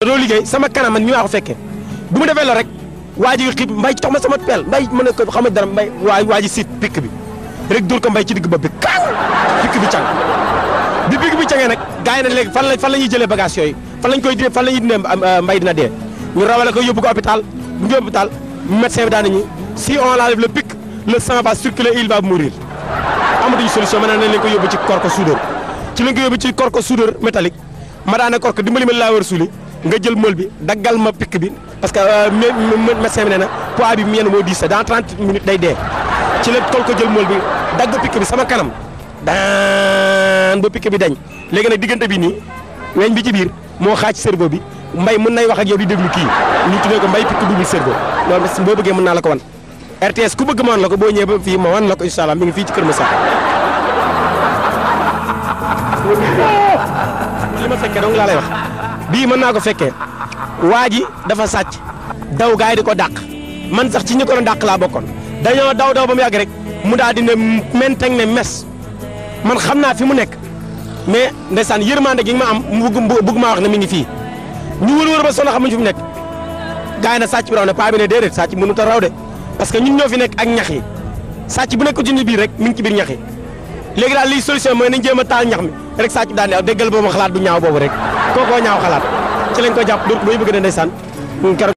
doo liggéey sama kanam man mi maa ko fekkee bu mu defee la rek waa ji xiib mbay ci ma sama peel mbay mën na ko xam ne dara mbay waa waa ji siit pikk bi rek dóor ko mbay ci digg ba bi kaw pikk bi càng bi pikk bi cangee nag gars yi ne léegi fan la fan la ñuy jëlee bagage yooyu fan lañ koy dee fan la ñuy dee euh, mbay dina dee ñu rawale ko yóbbu ko hôpital bu ñu hôpital médecin bi daan nañu si on l'enlève le pic le sang va circuler il va mourir amatuñu solution ma ne nañ leen ko yóbbu ci corps soudeur ci ci corps soudeur métallique ma daane corps dimbali ma laa war suuli nga jël meul bi daggal ma pic bi parce que euh, médecin bi nee na poids bi mien moo diis dans 30 minutes day dee ci la tol ko jël meul bi dagg pic bi sama kanam Dan, bo pic bi dañ léegi nag diggante bi nii weñ bi ci biir moo xaaj cerveau bi mbay mën nay wax ak yow di déglu kii ñu tuddee ko mbay pic dubul cerveau loolu boo bëggee mën naa la ko wan RTS ku bëgg ma wan la ko boo ñëwee ba fii wan la ko incha mi ngi fii ci kër ma saa fekkee laa lay wax bii mën naa ko fekkee waa ji dafa sàcc daw gaay di ko dàq man sax ci ñi ko doon dàq laa bokkoon dañoo daw daw ba mu yàgg rek mu daal di ne menteng ne mes man xam naa fi mu nekk mais ndeysaan yërmande gi nga ma am mu bugg maa wax ne mi ngi fii ñu wër wër ba sonn xamuñ fi mu nekk gaay na sàcc bi ne paa bi ne déedéet sàcc mënut a raw de parce que ñun ñoo fi nekk ak ñax yi sàcc bu nekk ci biir rek mi ngi ci biir ñax yi léegi daal liy solution mooy nañ jéem a taal ñax mi rek sàcc daan déggal boobu xalaat bu ñaaw boobu rek kookoo ñaaw xalaat ci ko jàpp dóor ko bay bëgg a ndeysaan